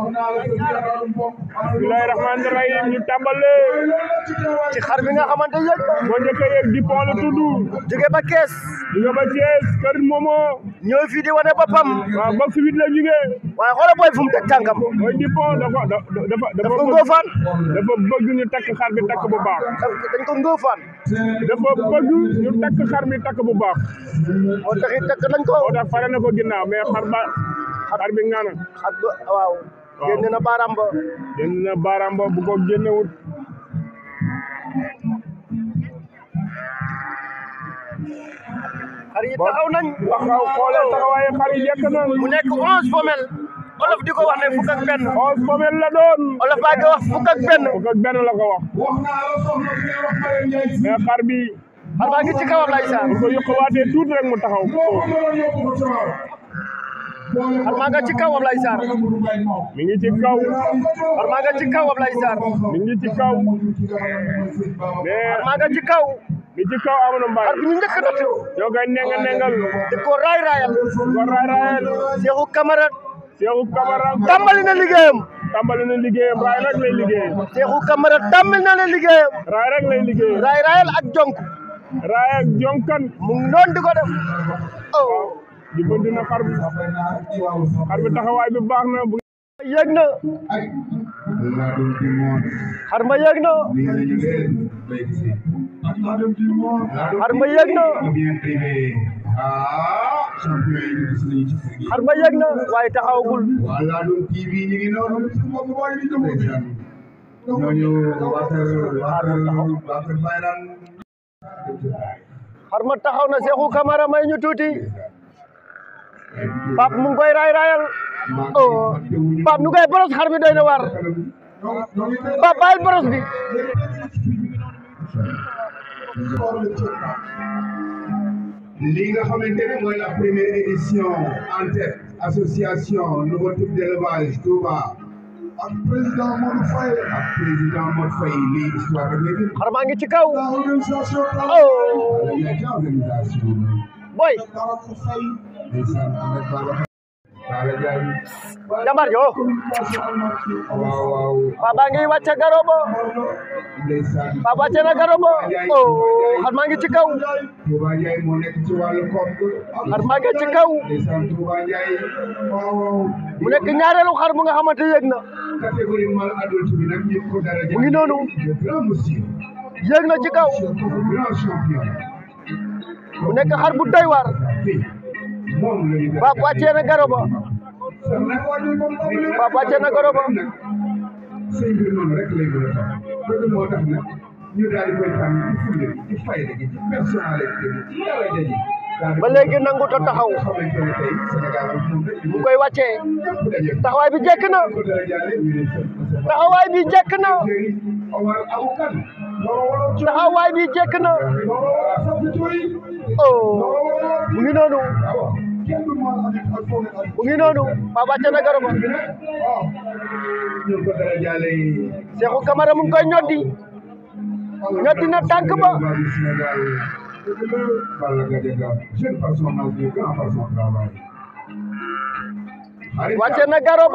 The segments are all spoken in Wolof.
bismillahi rahmaani rahim ñu tàmbale ci xar bi nga xamante yëg boo njëkk yëg di pont la jóge ba kees jóge ba kees kër momo ñëw fii di wane boppam waaw box huit la jógee waaye xoolal booy fu mu teg tànkam mooy di pont dafa dafa dafa bëgg ñu takk xar bi takk bu baax dañ ko ngóofaan dafa bëgg ñu takk xar bi takk bu baax moo tax it takk nañ ko moo a fare na ko ginnaaw mais xar ba xar bi ngaana xar waaw génn na baaraam ba génn na baaraam ba bu ko génnewut xar taxaw nañ taxaw xoolee taxawaayu xar yi yekk na mu nekk onze femelle olof di ko wax ne fukk ak benn onze femelle la doon olof baa fukk ak benn fukk ak benn la ko wax mais xar bi xar baa ci kawam lay saa bu ko yokkuwaatee tuuti rek mu taxaw Arma nga ci kaw Ablaye Sarr mi ngi ci kaw Arma nga ci kaw Ablaye Sarr mi ngi ci kaw mais Arma nga ci kaw mi ci kaw Amadou Mbaye ar ñu njëkk a yow kay nenga nengal di ko raay raayal ko raay raayal Cheikhou Camara Cheikhou Camara tàmbali na liggéeyam tàmbali na liggéeyam raay rek lay liggéeyam raayal ak jonk raay ak jonkan mu ngi di ko jubbanti na xar bi xar bi taxawaay bi baax na bu yéeg xar ma yéeg na xar ma yéeg na xar ma yéeg xar ma taxaw na Seexu Kamara may ñu tuuti Pape mu ngi koy raay raayal oh Pape nu koy boros xar mi doy na war Pape bàyyil boros bi. li nga xamante ne mooy la première édition en tête association nouveau type d'élevage Touba ak président Modou Faye ak président Modou Faye lii histoire de xar maa ngi ci kaw oh. boy jambar jo baba ngi wàcce garobo baba wàcce na garobo o oh, xar maa ngi ci kaw xar maa ngi ci kaw mu nekk ñaareelu xar mu nga xamante yéeg mu ngi noonu yéeg na ci kaw mu nekk xar bu doy waar Pape wàccee na garo ba Pape wàccee na garo ba ba léegi nanguta taxaw mu koy wàccee taxawaay bi jekk na taxawaay bi jekk na taxawaay bi jekk na oh mu ngi noonu mu ngi noonu Pape wàcce na garab Cheikhou Camara mu ngi ñoddi ñoddi na tànk ba wàcce na garab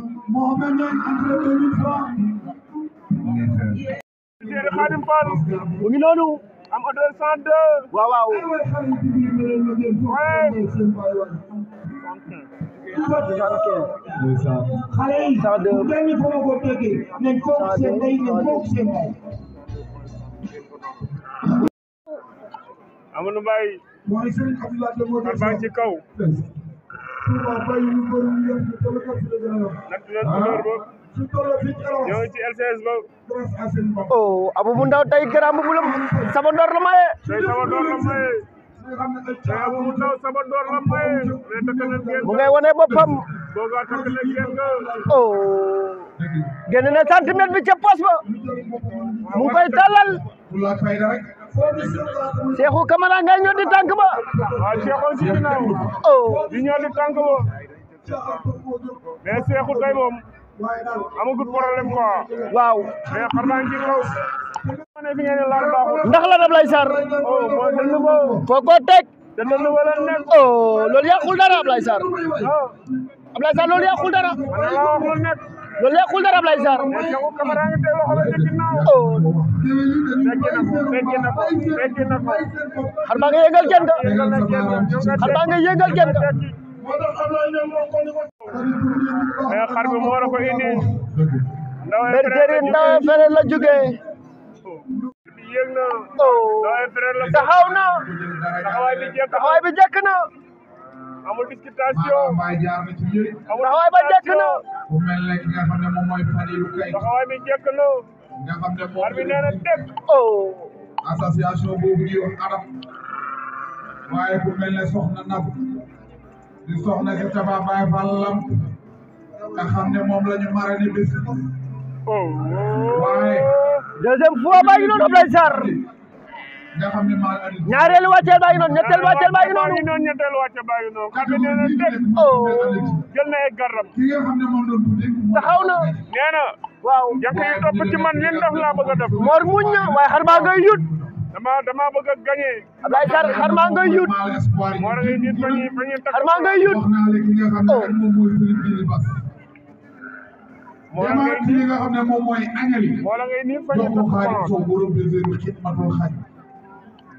Mohamed noonu am oto 102. waaw waaw. xale yi benn foo ko déggee nañ foog Touba bàyyi wu bëri ñu yëf la gën a yomb. ah su toll fii ba. grâce à seen bopp. oh Abou Ndaw tey garaam bu la maye. mu ngay wane boppam. boo oh, ko na ngeen bi ca ba. mu ngi koy Cheikhou Camara ngay ñoo di tànk ba waaw Cheikhou ci ginnaaw oh di ñoo di tànk ba mais xar naa ci kaw ndax la dab sar oh foo ko teg te dënnu wala nekk oh loolu yàqul dara Ablaye oh. dara lu lekkul dara Ablaye Sarr oh. xar baa nga yëngal kenn ka xar baa nga yëngal kenn ka mais xar bi moo la ko indi bergerie ndaw fere oh. la jógee taxaw na taxawaay bi jekk na amul discrimination amul taxawaay ba jekk na mel ne ki nga xam ne moom mooy Fadilou Keita taxawaay bi jekk na nga xam ne moom bi nee na dégg association boobu di wax arab waaye bu mel ne soxna nab di soxna si ne moom la ñu mara ni bis oh. waaye deuxième fois bàyyi noonu ñaareelu wàccee baa ngi noonu ñetteelu wàccee baa ngi a ñetteelu wàccee baa jël na ay garab taxaw na nee waaw yàq topp ci man lin def laa bëgg a moor muñ na xar maa ngay yut dama dama bëgg a xar maa ngay yut a ngi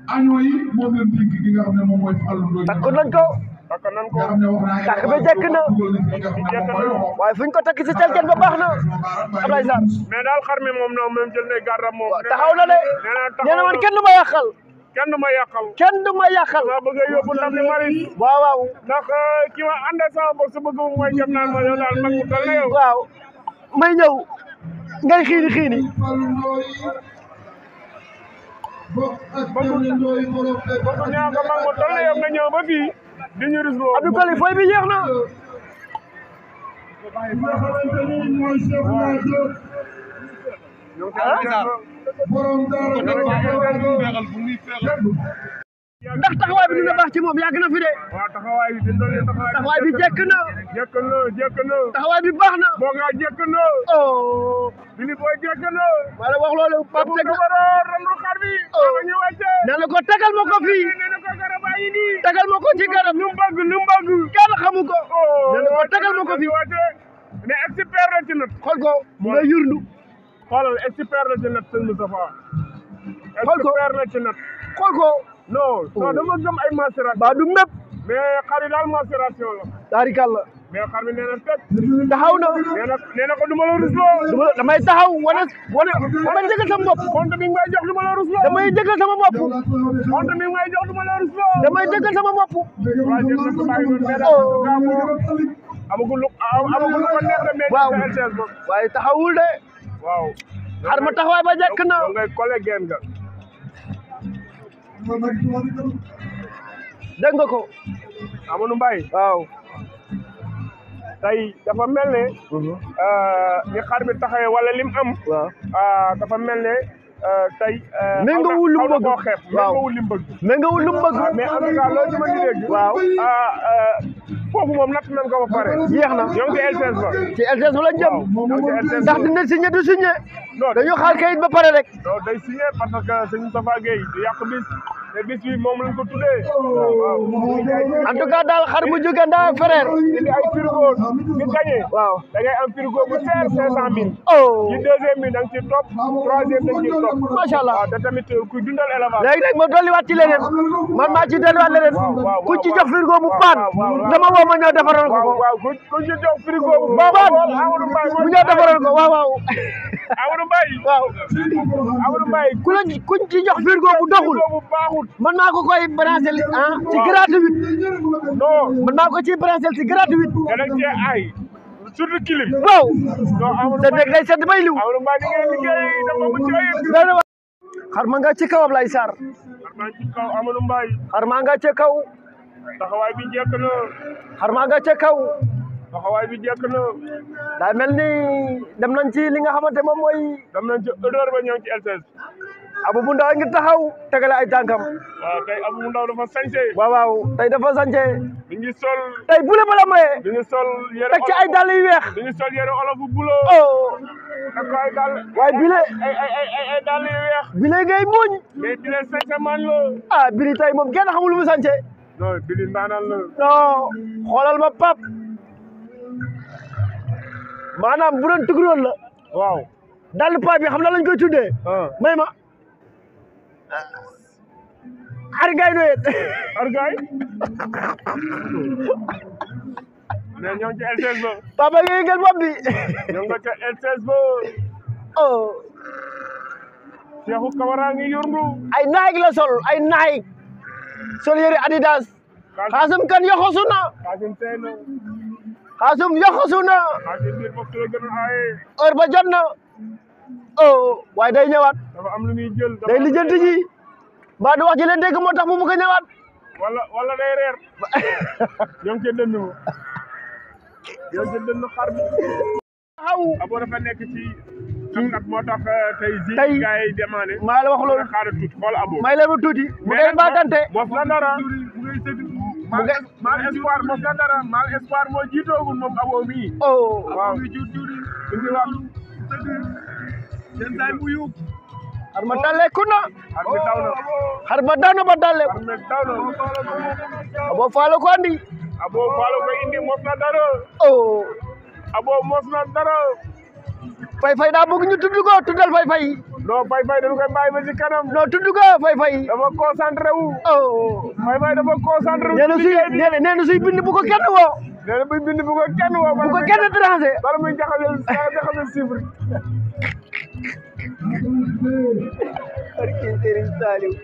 añoo yi moom leen dénk gi ko takk nañ ko takk bi waaye fuñ ko takk si calcen ba baax na Ablaye Sarr mais daal xar mi moom na moom jël ne gardam moom taxaw na de nee na man kenn du ma yàqal kenn du ma yàqal kenn du ma yàqal ma bëgg a yóbbu ndam li mari waaw waaw ndax euh, may ñëw ngay xiini xiini ba du ñaa nga mag ma toll yow nga ñëw ba fii di ñu rusloo Abdou Karim fooy bi jeex na ah ndax taxawaay bi dina baax ci moom yàgg na fi de. waaw taxawaay bi taxawaay bi jekk na. jekk na jekk na. taxawaay bi baax na. boo ngaa jekk na. oh. Billy Boy jekk na. maa la wax loolu Pape teg ko randu xar bi. Oh. nee na ko tegal ma ko fii. tegal ma ko ci garab. lu mu bëgg lu mu bëgg. kenn xamu ko. Oh. nee na ko tegal ma ko fii. mais expert la ci nat. xool ko mu nga yurndu. xoolal expert la ci nat sëñ Moustapha. xool ko expert la ci nat. xool ko. non non oh. dama gëm ay macération. ba du mépp. mais xar yi daal la. taarikal la. mais xar mi nee na na. nee na nee na ko du ma la rusloo. du ma sama bopp. compte bi ngay ma la rusloo. damay jëgal sama bopp. compte bi ngay jox du ma la damay jëgal sama bopp. waaw jërëjëf bàyyi noonu nee naa amagul lu amagul lu ko neex de mais. waaw waaye taxawul de. waaw. xar ma taxawaay ba jekk na. donc ngay collègue dégg nga ko. Amadou Mbaye. waaw. tey dafa mel ne. Mhm. Euh, ni xar bi taxawee wala lim am. waaw euh, dafa mel ne euh, tey. mais nga wul lu mu bëgg ah, waaw mais nga wul lu mu bëgg. mais loolu ci waaw foofu moom natt nañ ko ba pare. jeex na ñoo ngi ci LCS ba. ci LCS ba lañ jëm. ndax dina signé du signé. non dañu xaar kayit ba pare rek. non day signé parce que sëñ Moustapha Gueye du yàq bis te bis bi moom lañ ko tuddee. en tout cas daal xar bu jóge ndaa frère. indi ay frigo ñu gagné. waaw da ngay am oh. ci deuxième ah, te tamit euh, kuy dundal élevage. ma dolliwaat ci leneen man maa ci dolliwaat leneen. ku ci jox frigo bu paan. dama woo ma ñëw defaral ko. waaw waaw ku ci ko waaw waaw. waaw Amadou Mbaye ku la ku ci jox Virgo bu doxul man maa ko koy brancher ah ci gratuit non man maa ko ciy brancher ci gratuit da dañ cee aay nekk day sedd bay liw Amadou Mbaye xar ma nga ci kaw Ablaye Sarr xar maa nga ci kaw Amadou Mbaye xar maa ci kaw taxawaay bi jekk na. daa mel ni dem nañ ci li nga xamante moom mooy. dem nañ ci erreur ba ñëw ci LCS. Aboubou ngi taxaw tegale ay tànkam. waaw tey Aboubou Ndaw waaw waaw tey dafa sañse. sol. tey bule ba la maye. ay dàll yu weex. mi sol yére olof bu bulo. oh. teg ko ay dàll. waaye bile. bile ngay muñ. bile sañse man la. Ah, bili tey moom kenn xamul lu mu sañse. bili ndaanal la. non xoolal ma pap maanaam bu doon tuguroon la. waaw dàll xam na lañ koy tuddee. Ah. may ma. argaay nooyee. ba. papa ngi yëngal bopp bi. ñoo oh. ay naayik la sol ay naayik. sol yëre Adidas. Kasum kan yoxosu a xaasum yaqasu na heure ba jot na oh waaye day ñëwaat dafa am lu muy jël day lijjanti ji mbaa du wax ji leen dégg moo tax mu bëgg a ñëwaat wala wala day reer ñoo ngi ca dënn mo ñoo ngi ca nekk ci nag moo tax tey jii tey gars maa la wax loolu xaaral tuuti xool abo may leen ma tuuti mu day mbaagante mal espoir mos na dara mal moo jiitoogul moom aboo mii oh, xar ma dalle kuna oh, xar ma dawna ba dalle abo faalo ko andi abo faalo ko indi mos na dara oh. abo mos na daa bëgg ñu tudd ko tuddal non Faye Faye dañu koy bàyyi ba ci kanam. non tudd ko Faye Faye. dafa wu. oh Faye Faye dafa concentré wu. Oh. nee suy nee suy bind bu ko kenn woo. nee na buy bind bu ko kenn woo. bu ko kenn muy jaxasal jaxasal chiffre. barke Serigne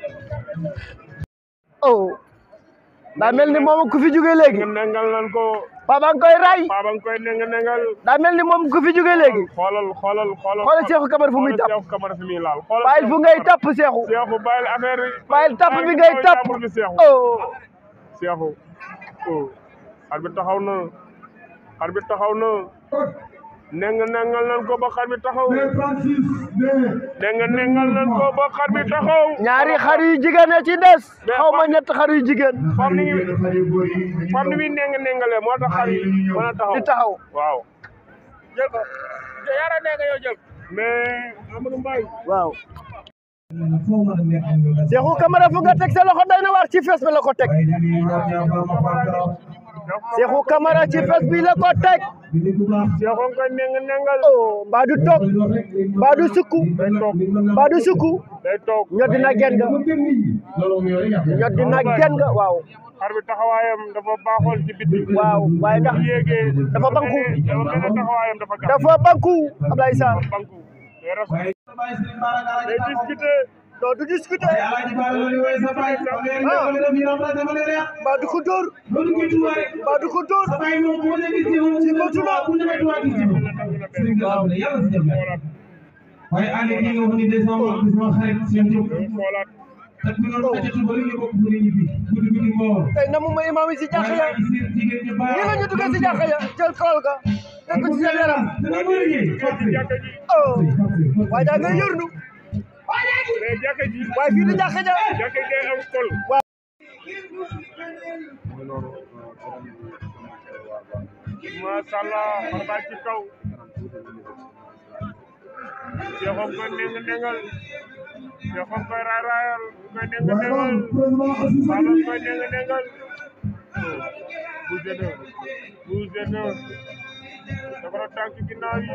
daa mel ni moom ku fi jóge léegi nengal nan ko ray papa nga koy nengal daa mel ni moom ku fi jóge léegi xoolal xoolal xoolal xoolal Cheikhou Camara fu muy tàpp Cheikhou fu laal bàyyil fu ngay tàpp Cheikhou Cheikhou bàyyil affaire yi bàyyil tàpp bi ngay tàpp oh Cheikhou oh arbitre taxaw na arbitre taxaw na nenga nengal nan ko ba xar bi taxaw. nenga nengal nan ko ba xar bi taxaw. ñaari xar yu jigéen ci des. xaw ma ñett xar yu jigéen. fam ni fam ni muy nenga nengalee moo tax xar yi mën a taxaw di taxaw. waaw. jël ko yara fu nga teg sa loxo day na waar ci fees bi la ko teg. Cheikhou Camara ci fes bi la ko teg Cheikhou koy neng nengal oh mbaa du toog mbaa du sukku mbaa du sukku ñod gen nga ñod gen nga waaw dafa baaxoon ci waaw waaye ndax dafa banku dafa banku Ablaye Sarr non du discuter. ah mbaa du ko dóor. mbaa du ko dóor. si motu la. waaye ànd ak nga wax ni décembre bi sama xarit seen jóg. te bu doon bëccëg ba léegi bokk na ñibbi. guddi guddi moo war. tey na mu may imaam yi si jàkka ya. nii la ñu duggee si jàkka ya jël kool ga. teg ko ci seen yaram. waa jaa ngay yërnu. mais jàkka ji waaye fii di jàkka ja jàkka ji am kol waaw macha allah xarba ci kaw jeexoon koy neng nengal jeexoon koy raay raayal koy neng nengal balo koy neng nengal bouge de bouge de dagara tànk ginnaaw yi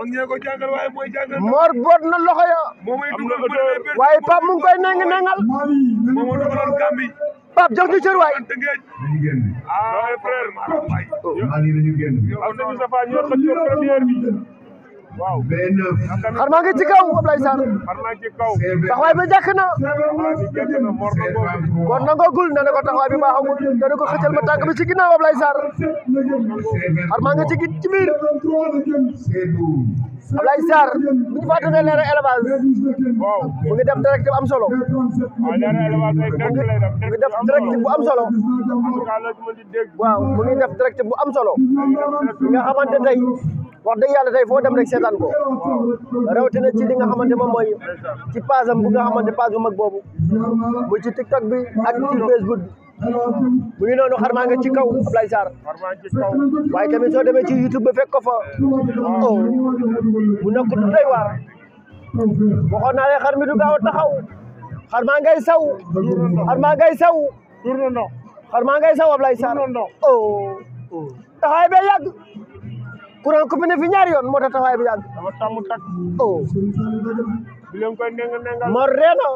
Mor boot na loxo ya waaye Pape mu ngi koy neng nengal Pape jox ñu cër waay ah frère xar maa ngi ci kaw Ablaye Sarr taxawaay bi jàkk na kon nangoogul nee na ko taxawaay bi baaxagul nee na ko xëccal ma tànk bi ci ginnaaw Ablaye Sarr xar maa ngi ci ci biir Ablaye Sarr bu ñu fàtte ne leeral élevage mu ngi def direct bu am solo mu ngi def direct bu am solo waaw mu ngi def direct bu am solo nga xamante tey wax dëgg yàlla tey foo dem rek seetaan ko rawatina ci li nga xamante moom mooy ci page am bu nga xamante page bu mag boobu mu ci tiktok bi ak ci facebook bi mu ngi noonu xarmaa nga ci kaw Ablaye Sarr waaye tamit soo demee ci youtube ba fekk ko fa oh mu nekk du doy waar waxoon naa leen xar mi du gaaw a taxaw xarmaa ngay saw xarmaa ngay saw xarmaa ngay saw Ablaye Sarr oh, oh. taxaay courant coupé na fi ñaari yoon moo tax taxawaay bi yàgg. dama tàmm tàkk. oh. bi leen koy nenga nenga. moo reeno